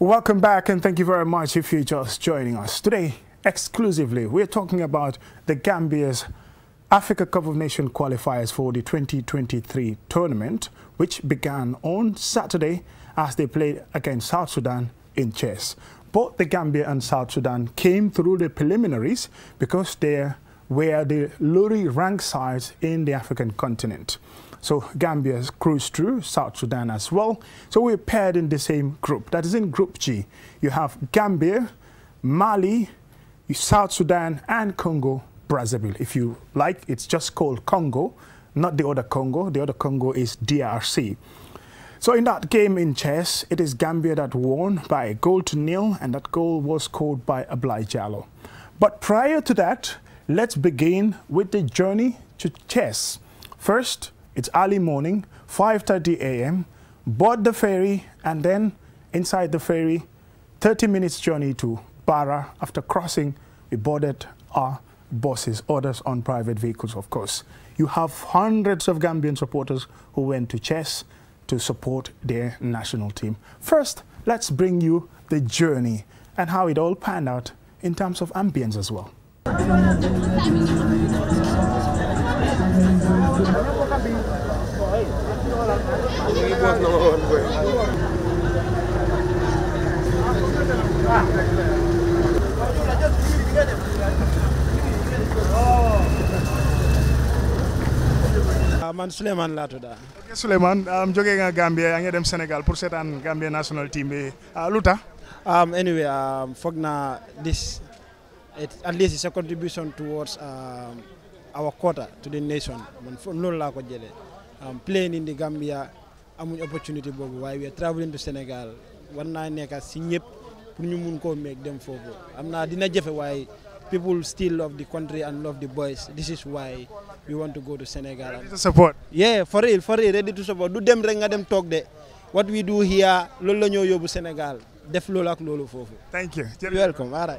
Welcome back and thank you very much if you're just joining us. Today, exclusively, we're talking about the Gambia's Africa Cup of Nations qualifiers for the 2023 tournament, which began on Saturday as they played against South Sudan in chess. Both the Gambia and South Sudan came through the preliminaries because they were the lowly ranked sides in the African continent. So Gambia has cruised through, South Sudan as well. So we're paired in the same group. That is in Group G. You have Gambia, Mali, South Sudan, and Congo, Brazzaville. If you like, it's just called Congo, not the other Congo. The other Congo is DRC. So in that game in chess, it is Gambia that won by a goal to nil, and that goal was scored by Ablai Jallo. But prior to that, let's begin with the journey to chess. First, it's early morning, 5.30 a.m., board the ferry, and then inside the ferry, 30 minutes journey to Barra. After crossing, we boarded our buses, others on private vehicles, of course. You have hundreds of Gambian supporters who went to chess to support their national team. First, let's bring you the journey and how it all panned out in terms of ambience as well. Iwas naman gue. man Sulaiman, laa tudd. ok Souleymane um, jóge nga uh, Gambia yaa ngi dem Sénégal pour Gambia national team bi uh, luta? Um anyway um, foog naa this at least it's a contribution towards um our quota to the nation man loolu laa ko um, playing in the Gambia amuñ opportunité boobu waaye we traveling to Sénégal war naa nekkaat si ñëpp pour ñu mun koo meeg dem foofu am naa dina jafe waaye people still love the country and love the boys this is why we want to go to Senegal. Ready to support. yeah for real for real ready to support du dem rek nga dem toog de what we do here loolu la ñoo yóbbu Sénégal def loolu ak loolu foofu. thank you. you're welcome all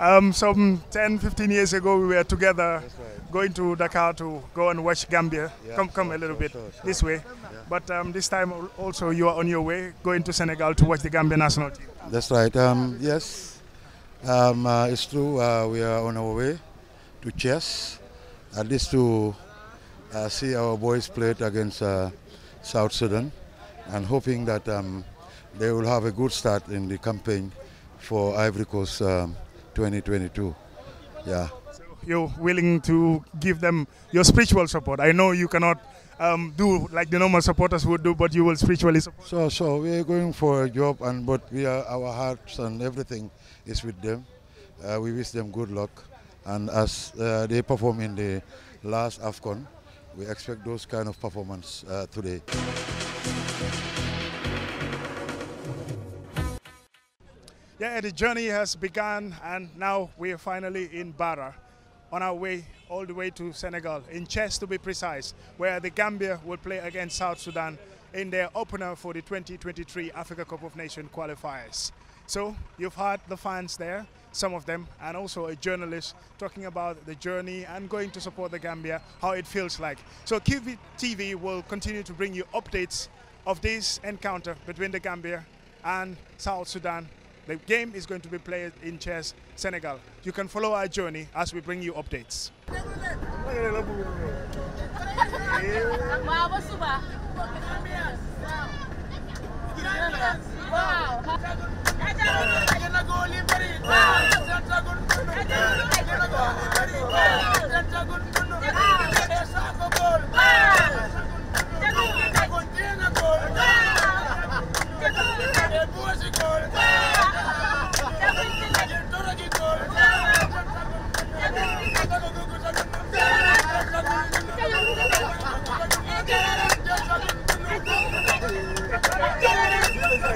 Um, some mm, 10, 15 years ago, we were together right. going to Dakar to go and watch Gambia. Yeah, come, come sure, a little sure, bit sure, this way. Yeah. But um, this time also, you are on your way going to Senegal to watch the Gambia national team. That's right. Um, yes, um, uh, it's true. Uh, we are on our way to chess, at least to uh, see our boys play it against uh, South Sudan, and hoping that um, they will have a good start in the campaign for Ivory Coast. Um, 2022. Yeah. So you're willing to give them your spiritual support. I know you cannot um, do like the normal supporters would do, but you will spiritually support. So, so we are going for a job, and but we are our hearts and everything is with them. Uh, we wish them good luck, and as uh, they perform in the last Afcon, we expect those kind of performance uh, today. the journey has begun and now we are finally in Barra on our way all the way to Senegal, in chess to be precise, where the Gambia will play against South Sudan in their opener for the 2023 Africa Cup of Nations qualifiers. So you've heard the fans there, some of them, and also a journalist talking about the journey and going to support the Gambia, how it feels like. So QVTV will continue to bring you updates of this encounter between the Gambia and South Sudan the game is going to be played in Chess, Senegal. You can follow our journey as we bring you updates.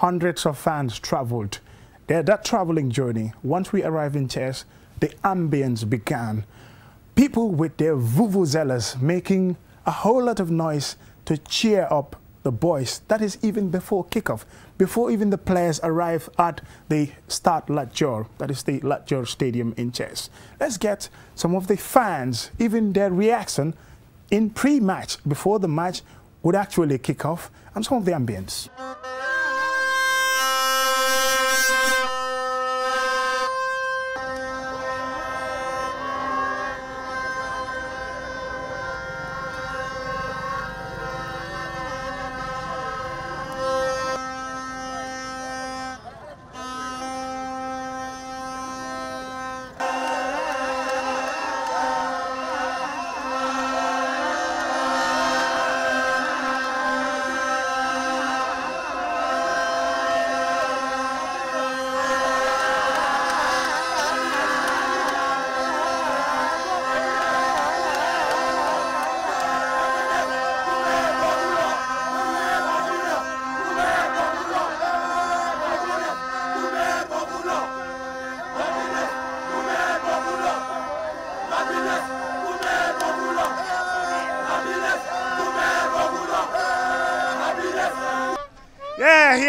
hundreds of fans traveled. There, that traveling journey, once we arrived in Chess, the ambience began. People with their vuvuzelas making a whole lot of noise to cheer up the boys. That is even before kickoff, before even the players arrive at the Start Latjor, that is the Latjor Stadium in Chess. Let's get some of the fans, even their reaction in pre-match, before the match would actually kick off, and some of the ambience.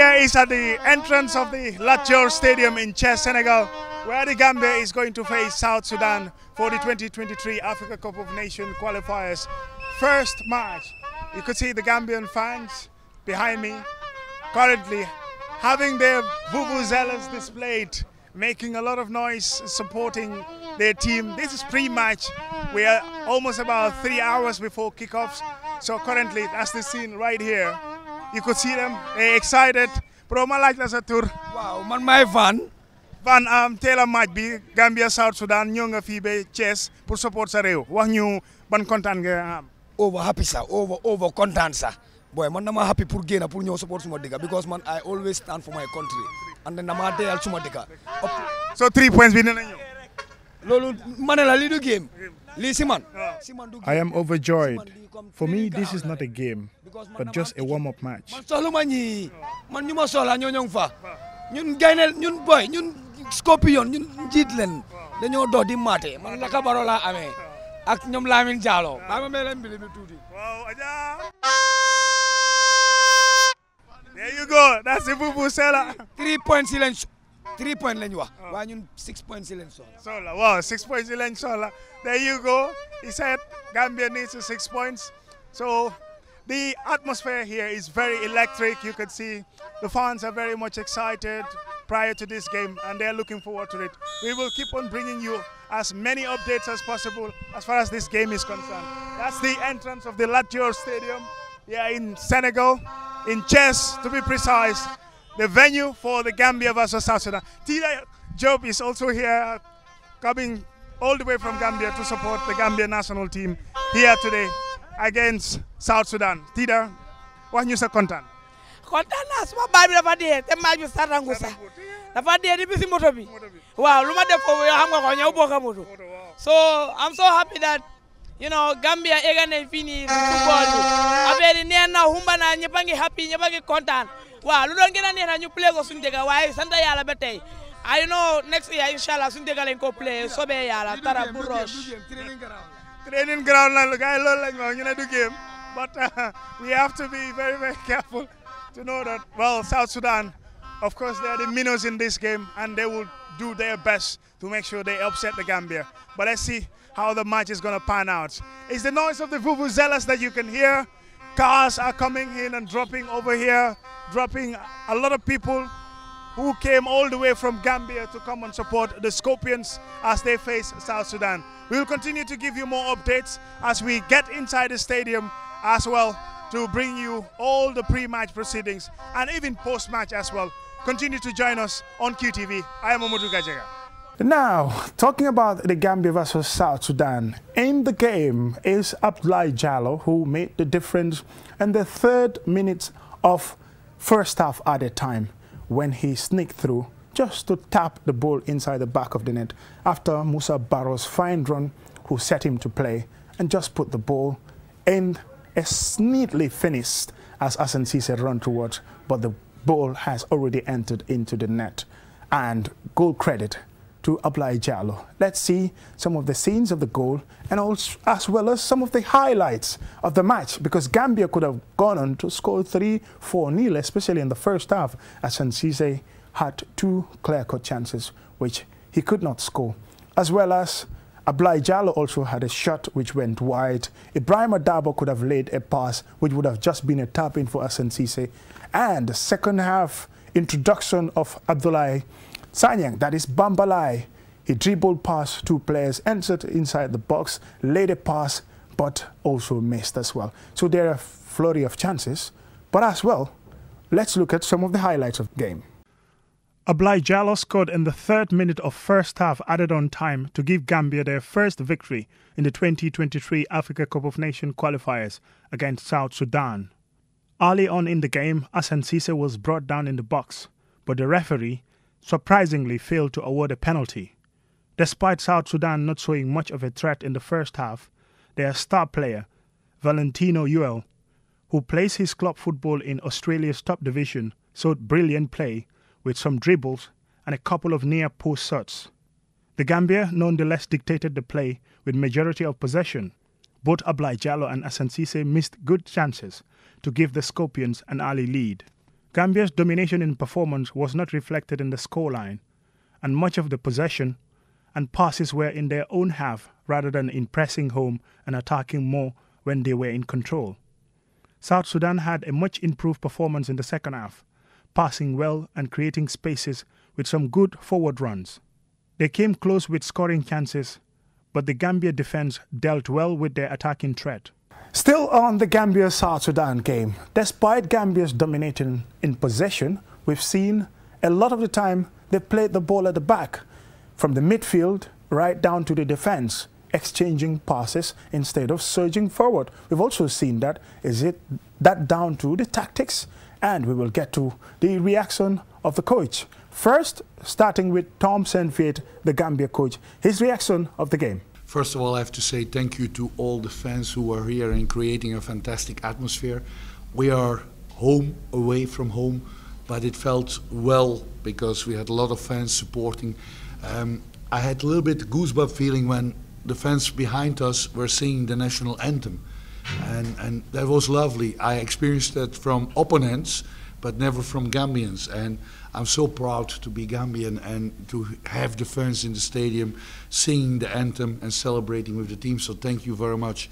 Gambia is at the entrance of the Latjor Stadium in Chess, Senegal, where the Gambia is going to face South Sudan for the 2023 Africa Cup of Nations qualifiers. First match, you could see the Gambian fans behind me currently having their vuvuzelas displayed, making a lot of noise, supporting their team. This is pre-match. We are almost about three hours before kickoffs. So currently, that's the scene right here. You could see them. excited. Bro, ma laaj la sa tur. waaw man maay Van. Van am teel maaj bi Gambia South Sudan ñëw nga fii ba Thiès pour support sa réew wax ñu ban kontaan nga am. over happy sa over over kontaan sa boy man ma happy pour génn pour ñëw support suma dëkk because man I always stand for my country and then dama deyal suma dëkk. so three points bi dina ñëw. loolu ma ne la lii du game lii ah. si man du I am overjoyed for me this is not a game but just a warm up match man soxla ma ñii ah. man ñu ma soxla ñoo ñoo ngi fa ah. ñun gaynel ñun boy ñun scorpion ñun njiit leen dañoo doo maate man la kabaro laa ak ñoom Lamine Diallo ba ma mee tuuti waaw aja there silence three points lañ wax oh. waaye ñun six points si lañ soxla. soxla waaw six points si lañ soxla there you go he said Gambia needs six points so the atmosphere here is very electric you can see the fans are very much excited prior to this game and they're looking forward to it we will keep on bringing you as many updates as possible as far as this game is concerned that's the entrance of the Lat stadium here in Senegal in Chess to be precise the venue for the Gambia vs South Sudan. Tida Job is also here coming all the way from Gambia to support the Gambia national team here today against South Sudan. Tida, what news sa content? Content, naa suma baay bi dafa dee te maaj bi sarangu sax dafa dee di bisi moto bi waaw lu ma def foofu yow xam nga ko ñëw bokk moto so I'm so happy that you know Gambia egane fini football bi affaire yi neex na humba na ñëpp a happy ñëpp a kontaan waaw lu doon gën a neex na ñu play ko suñu waaye sant yàlla ba tey I know next year inshallah suñu dëkk ko play soobee yàlla tara bu roche training ground la gars yi loolu lañ wax ñu ne du game but we have to be very very careful to know that well South Sudan Of course, they are the minnows in this game, and they will do their best to make sure they upset the Gambia. But let's see how the match is going to pan out. It's the noise of the vuvuzelas that you can hear. Cars are coming in and dropping over here, dropping a lot of people who came all the way from Gambia to come and support the Scorpions as they face South Sudan. We will continue to give you more updates as we get inside the stadium as well to bring you all the pre-match proceedings and even post-match as well Continue to join us on QTV. I am Omodu Gajega. Now, talking about the Gambia versus South Sudan, in the game is Abdoulaye Jallo who made the difference in the third minute of first half at a time when he sneaked through just to tap the ball inside the back of the net after Musa Barros' fine run who set him to play and just put the ball in a neatly finished as Asensi said run towards, but the ball has already entered into the net. And goal credit to Ablai Jallo. Let's see some of the scenes of the goal and also, as well as some of the highlights of the match because Gambia could have gone on to score 3-4 nil, especially in the first half as Sansise had two clear-cut chances which he could not score, as well as Ablai Jalo also had a shot which went wide. Ibrahim Adabo could have laid a pass which would have just been a tap in for Asan Sise. And the second half introduction of Abdullahi Sanyang, that is Bambalai. He dribbled past two players, entered inside the box, laid a pass, but also missed as well. So there are a flurry of chances. But as well, let's look at some of the highlights of the game. Ablijalo scored in the third minute of first half added on time to give Gambia their first victory in the 2023 Africa Cup of Nations qualifiers against South Sudan. Early on in the game, Asan was brought down in the box, but the referee surprisingly failed to award a penalty. Despite South Sudan not showing much of a threat in the first half, their star player, Valentino Yuel, who plays his club football in Australia's top division, showed brilliant play with some dribbles and a couple of near post shots. The Gambia nonetheless dictated the play with majority of possession. Both Ablai Jallo and Asansise missed good chances to give the Scorpions an early lead. Gambia's domination in performance was not reflected in the scoreline, and much of the possession and passes were in their own half rather than in pressing home and attacking more when they were in control. South Sudan had a much improved performance in the second half, passing well and creating spaces with some good forward runs. They came close with scoring chances, but the Gambia defence dealt well with their attacking threat. Still on the Gambia South Sudan game, despite Gambia's dominating in possession, we've seen a lot of the time they played the ball at the back, from the midfield right down to the defence, exchanging passes instead of surging forward. We've also seen that. Is it that down to the tactics and we will get to the reaction of the coach. First, starting with Tom Senfiet, the Gambia coach, his reaction of the game. First of all, I have to say thank you to all the fans who are here and creating a fantastic atmosphere. We are home, away from home, but it felt well because we had a lot of fans supporting. Um, I had a little bit goosebump feeling when the fans behind us were singing the national anthem and, and that was lovely. I experienced that from opponents, but never from Gambians. And I'm so proud to be Gambian and to have the fans in the stadium singing the anthem and celebrating with the team. So thank you very much.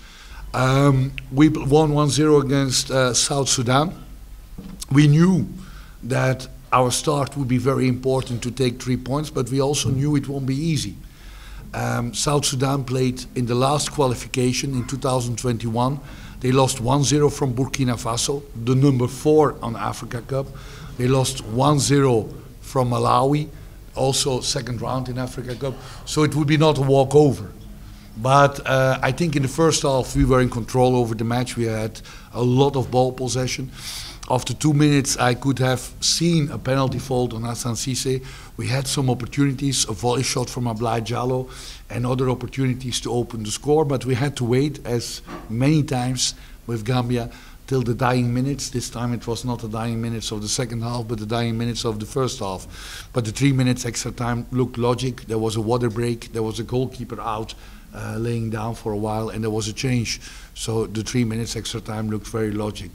Um, we won 1 0 against uh, South Sudan. We knew that our start would be very important to take three points, but we also knew it won't be easy. Um, South Sudan played in the last qualification in 2021. They lost 1-0 from Burkina Faso, the number four on Africa Cup. They lost 1-0 from Malawi, also second round in Africa Cup. So it would be not a walkover. But uh, I think in the first half we were in control over the match. We had a lot of ball possession after two minutes, I could have seen a penalty fault on Hassan We had some opportunities, a volley shot from Ablai Jallo, and other opportunities to open the score, but we had to wait, as many times with Gambia, till the dying minutes. This time it was not the dying minutes of the second half, but the dying minutes of the first half. But the three minutes extra time looked logic. There was a water break, there was a goalkeeper out. Uh, laying down for a while, and there was a change. So the three minutes extra time looked very logic.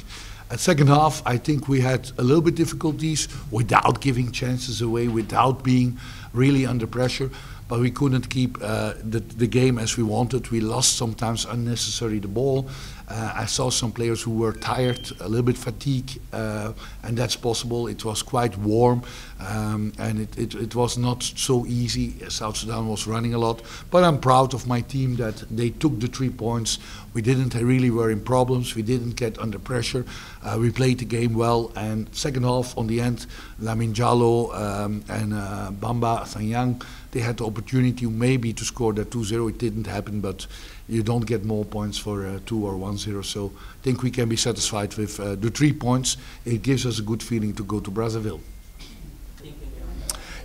And second half, I think we had a little bit difficulties without giving chances away, without being really under pressure. But we couldn't keep uh, the, the, game as we wanted. We lost sometimes unnecessarily the ball. Uh, I saw some players who were tired, a little bit fatigued, uh, and that's possible. It was quite warm, um, and it, it, it, was not so easy. South Sudan was running a lot, but I'm proud of my team that they took the three points we didn't uh, really were in problems. We didn't get under pressure. Uh, we played the game well. And second half, on the end, Lamin Jallo um, and uh, Bamba Sanyang, they had the opportunity maybe to score that 2-0. It didn't happen, but you don't get more points for uh, 2 or 1-0. So I think we can be satisfied with uh, the three points. It gives us a good feeling to go to Brazzaville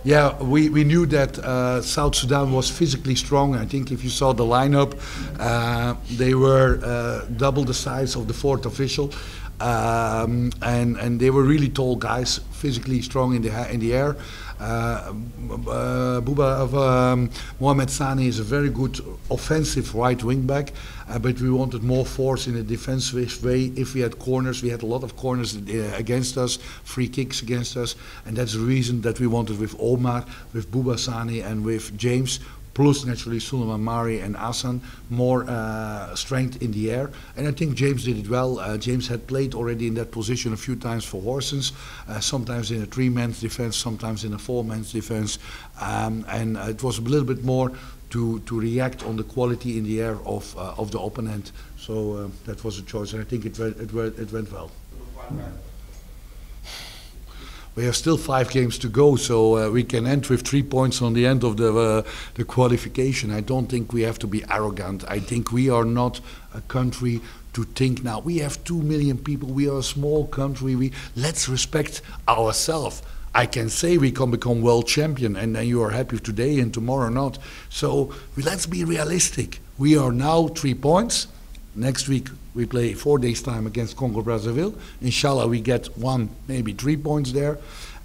yeah, we, we knew that uh, South Sudan was physically strong. I think if you saw the lineup, uh, they were uh, double the size of the fourth official. Um, and and they were really tall guys, physically strong in the in the air. Uh, uh Buba of um, Mohamed Sani is a very good offensive right wing back, uh, but we wanted more force in a defensive way. If we had corners, we had a lot of corners uh, against us, free kicks against us, and that's the reason that we wanted with Omar, with Buba Sani, and with James, plus naturally Suleiman Mari and Asan, more uh, strength in the air. And I think James did it well. Uh, James had played already in that position a few times for Horsens, uh, sometimes in a three-man defense, sometimes in a four-man defense. Um, and uh, it was a little bit more to, to react on the quality in the air of, uh, of the opponent. So uh, that was a choice, and I think it, it, went, it went well we have still five games to go, so uh, we can end with three points on the end of the uh, the qualification. I don't think we have to be arrogant. I think we are not a country to think now. We have two million people. We are a small country. We let's respect ourselves. I can say we can become world champion, and then uh, you are happy today and tomorrow not. So let's be realistic. We are now three points. Next week we play four days' time against Congo Brazzaville. Inshallah, we get one, maybe three points there.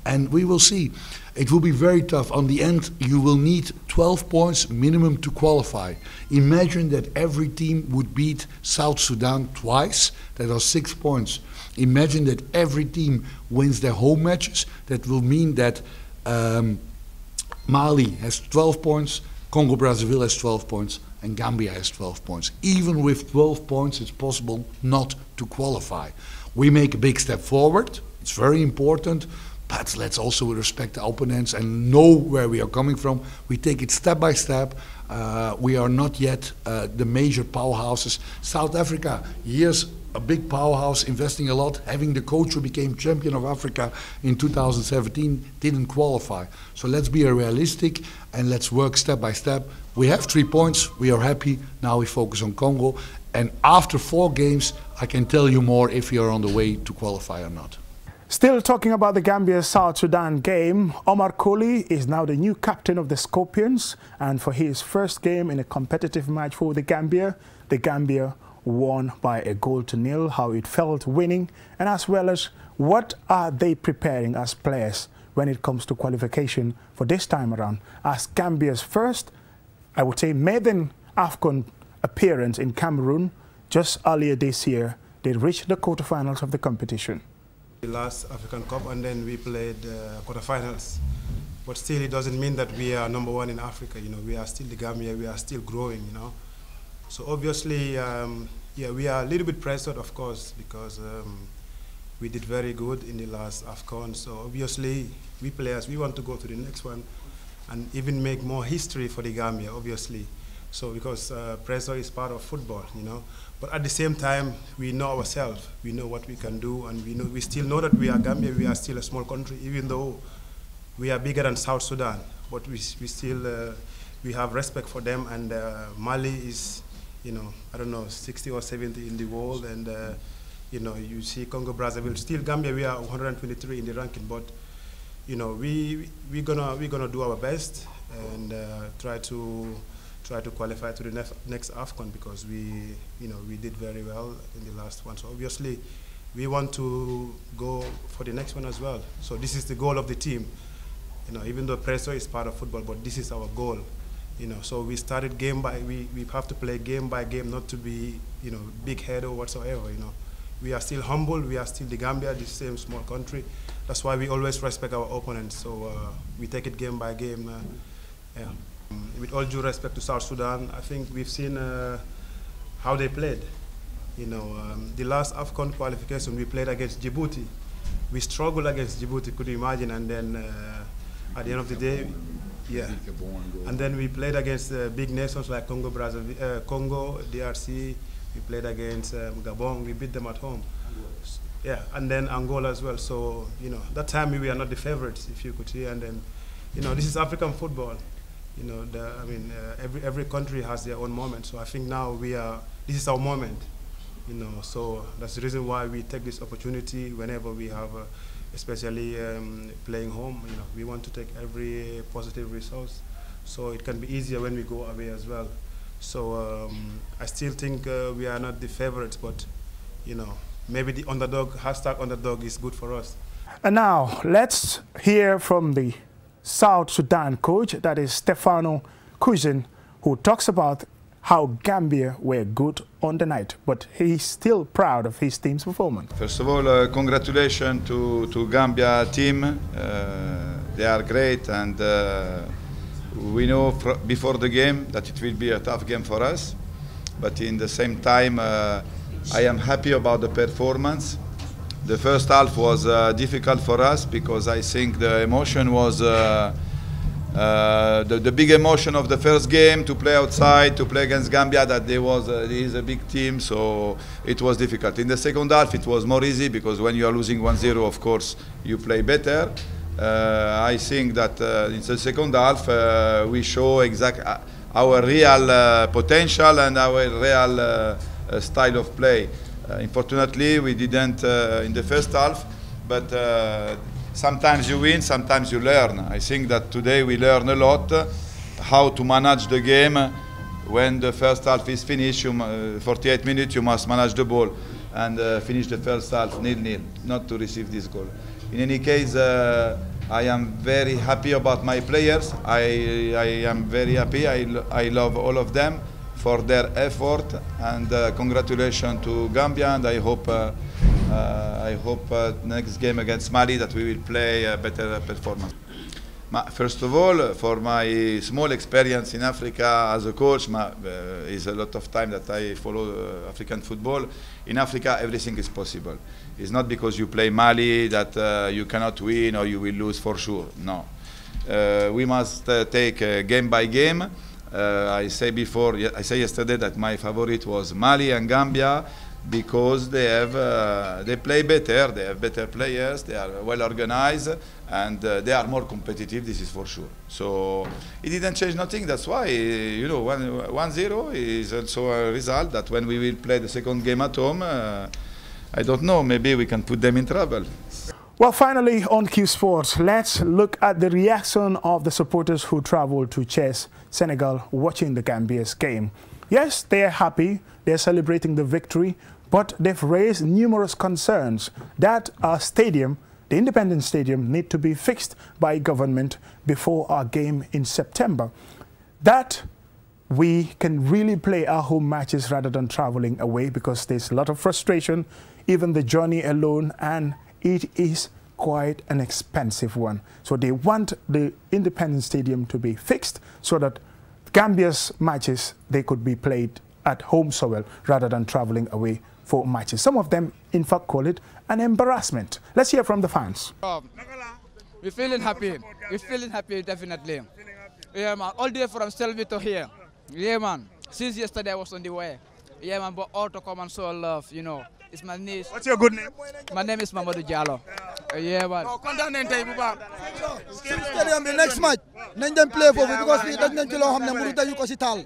And we will see. It will be very tough. On the end, you will need 12 points minimum to qualify. Imagine that every team would beat South Sudan twice. That are six points. Imagine that every team wins their home matches. That will mean that um, Mali has 12 points, Congo Brazzaville has 12 points and Gambia has 12 points. Even with 12 points, it's possible not to qualify. We make a big step forward, it's very important, but let's also respect the opponents and know where we are coming from. We take it step by step. Uh, we are not yet uh, the major powerhouses. South Africa, years a big powerhouse, investing a lot, having the coach who became champion of Africa in 2017 didn't qualify. So let's be realistic and let's work step by step. We have three points. We are happy. Now we focus on Congo. And after four games, I can tell you more if we are on the way to qualify or not. Still talking about the Gambia-South Sudan game, Omar Koli is now the new captain of the Scorpions. And for his first game in a competitive match for the Gambia, the Gambia won by a goal to nil, how it felt winning, and as well as what are they preparing as players when it comes to qualification for this time around as Gambia's first I would say, made an AFCON appearance in Cameroon just earlier this year. They reached the quarterfinals of the competition. The last African Cup and then we played uh, quarterfinals. But still it doesn't mean that we are number one in Africa, you know, we are still the Gambia, we are still growing, you know. So obviously, um, yeah, we are a little bit pressured, of course, because um, we did very good in the last AFCON. So obviously, we players, we want to go to the next one and even make more history for the Gambia, obviously. So because uh, pressure is part of football, you know. But at the same time, we know ourselves. We know what we can do, and we know we still know that we are Gambia. We are still a small country, even though we are bigger than South Sudan. But we we still uh, we have respect for them. And uh, Mali is, you know, I don't know, 60 or 70 in the world, and uh, you know, you see Congo Brazzaville. Still, Gambia we are 123 in the ranking, but you know, we we're gonna we're gonna do our best and uh, try to try to qualify to the nef- next Afcon because we you know we did very well in the last one. So obviously, we want to go for the next one as well. So this is the goal of the team. You know, even though pressure is part of football, but this is our goal. You know, so we started game by we, we have to play game by game, not to be you know big head or whatsoever. You know, we are still humble. We are still the Gambia, the same small country that's why we always respect our opponents. So uh, we take it game by game. Uh, yeah. um, with all due respect to South Sudan, I think we've seen uh, how they played. You know, um, the last AFCON qualification we played against Djibouti. We struggled against Djibouti, could you imagine? And then uh, at the end of the day, yeah. And then we played against uh, big nations like Congo, Brazzaville, uh, Congo, DRC. We played against um, Gabon. We beat them at home. Yeah, and then Angola as well. So, you know, that time we were not the favorites, if you could see. And then, you know, this is African football. You know, the, I mean, uh, every, every country has their own moment. So I think now we are, this is our moment. You know, so that's the reason why we take this opportunity whenever we have, uh, especially um, playing home. You know, we want to take every positive resource, so it can be easier when we go away as well. So um, I still think uh, we are not the favorites, but you know, maybe the underdog, hashtag underdog is good for us. And now let's hear from the South Sudan coach, that is Stefano Cousin, who talks about how Gambia were good on the night, but he's still proud of his team's performance. First of all, uh, congratulations to, to Gambia team. Uh, they are great and uh, we know before the game that it will be a tough game for us, but in the same time, uh, I am happy about the performance. The first half was uh, difficult for us because I think the emotion was uh, uh, the, the, big emotion of the first game to play outside, to play against Gambia, that there was uh, is a big team, so it was difficult. In the second half, it was more easy because when you are losing 1-0, of course, you play better. Uh, I think that uh, in the second half, uh, we show exactly our real potential and our real style of play. unfortunately, uh, we didn't uh, in the first half, but uh, sometimes you win, sometimes you learn. I think that today we learn a lot how to manage the game. When the first half is finished, you, 48 minutes, you must manage the ball and uh, finish the first half nil-nil, not to receive this goal. In any case, uh, I am very happy about my players. I, I am very happy. I, I love all of them for their effort and uh, congratulations to Gambia and I hope uh, uh, I hope uh, next game against Mali that we will play a better performance. first of all, for my small experience in Africa as a coach, ma, uh, is a lot of time that I follow uh, African football. In Africa, everything is possible. It's not because you play Mali that you cannot win or you will lose for sure. No, we must take game by game. Uh, I say before, I say yesterday that my favorite was Mali and Gambia because they have uh, they play better, they have better players, they are well organized, and uh, they are more competitive. This is for sure. So it didn't change nothing. That's why you know one one zero is also a result that when we will play the second game at home, uh, I don't know. Maybe we can put them in trouble. Well, finally, on Q Sports, let's look at the reaction of the supporters who traveled to Chess, Senegal, watching the Gambia's game. Yes, they're happy, they're celebrating the victory, but they've raised numerous concerns that our stadium, the Independence Stadium, need to be fixed by government before our game in September. That we can really play our home matches rather than traveling away because there's a lot of frustration, even the journey alone and it is quite an expensive one. So they want the Independence Stadium to be fixed so that Gambia's matches, they could be played at home so well rather than traveling away for matches. Some of them, in fact, call it an embarrassment. Let's hear from the fans. Um, we're feeling happy. We're feeling happy, definitely. Yeah, man. All day from Selby to here. Yeah, man. Since yesterday, I was on the way. Yeah, man, but all to come and show love, you know. It's my niece. What's your good name? My name is Mamadou Diallo. Yeah, yeah man. No, contact nañ tey bu baax. stadium the next match nañ play for me because we dañ nañ ci loo xam ne mënu dañu ko si taal.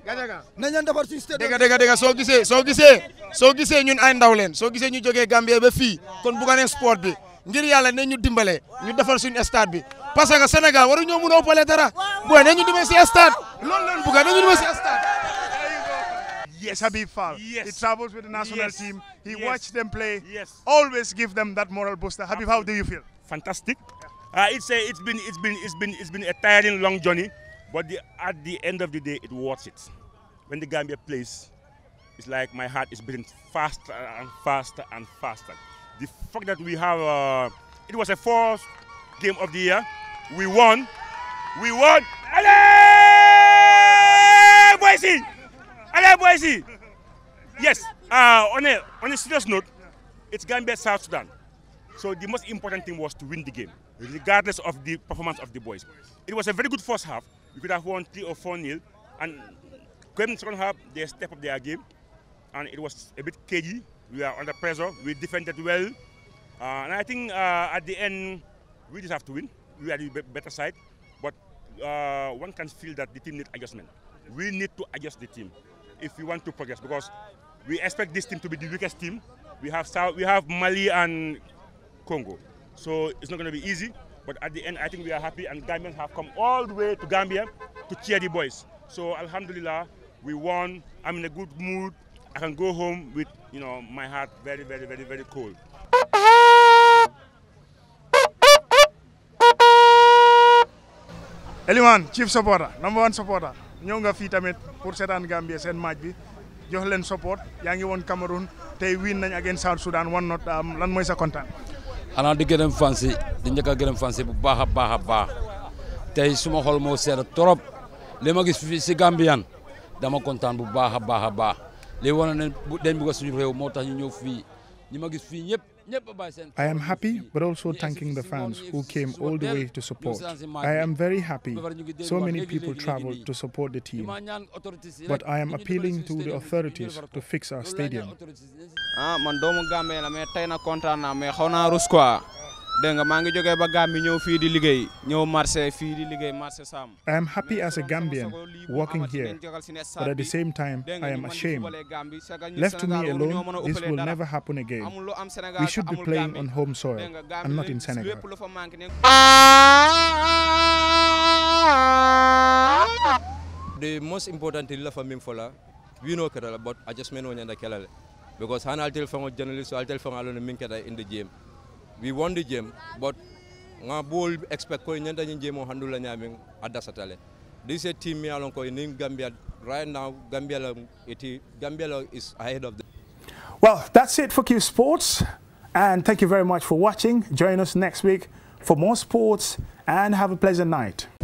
nañ leen defar suñu stadium. dégg so dégg nga soo gisee So gisee soo gisee ñun ay ndaw leen soo gisee ñu jógee Gambie ba fee. kon bu sport bi ngir yàlla ne ñu dimbalé ñu défar suñu stade bi parce que Sénégal Waru mun a opalé dara bo ne ñu dimbale ci stade loolu lañ bëgg ne ñu dimbale ci stade. yes. Habib Fall. Yes. He travels with the national yes. team. He yes. watched them play. Yes. Always give them that moral booster. Habib, Absolutely. how do you feel? Fantastic. Uh, it's a, it's been it's been it's been it's been a tiring long journey, but the, at the end of the day, it worth it. When the Gambia plays, it's like my heart is beating faster and faster and faster. The fact that we have uh, it was a fourth game of the year. We won. We won. Allez, voici. Hello, Boise. Yes, uh, on, a, on a serious note, it's Gambia South Sudan. So the most important thing was to win the game, regardless of the performance of the boys. It was a very good first half. We could have won 3 or 4 nil. And came in second half, they stepped up their game. And it was a bit cagey. We were under pressure. We defended well. Uh, and I think uh, at the end, we just have to win. We are the better side. But uh, one can feel that the team needs adjustment. We need to adjust the team if we want to progress because we expect this team to be the weakest team. We have South, we have Mali and Congo, so it's not going to be easy. But at the end, I think we are happy, and Gambians have come all the way to Gambia to cheer the boys. So Alhamdulillah, we won. I'm in a good mood. I can go home with you know my heart very, very, very, very cold. Anyone, chief supporter, number one supporter. ñëw nga fii tamit pour seetaan Gambia seen maaj bi jox leen support yaa ngi woon Cameroun tey win nañ against South Sudan one not um, lan mooy sa kontaan. xanaa di gërëm fans yi di njëkk a gërëm fans bu baax a baax a baax tey suma xol moo seet trop li ma gis si Gambian dama kontaan bu baax a baax a baax li wane ne bu den bëgg suñu réew moo tax ñu ñëw fii ñi ma gis fii ñëpp. I am happy, but also thanking the fans who came all the way to support. I am very happy so many people traveled to support the team, but I am appealing to the authorities to fix our stadium. I am happy as a Gambian working here but at the same time I am ashamed. Left to me alone this will never happen again. We should be playing on home soil and not in Senegal. The most important thing for me for we know Kerala but I just mean when you're Kerala because tell from fango journalist tell from alone min in the game. we won the game, but nga bol expect ko nyanda nyi jemo handula nyami adasatale. This is a team me along ko in Gambia right now Gambia it Gambia is ahead of the Well, that's it for Q Sports and thank you very much for watching. Join us next week for more sports and have a pleasant night.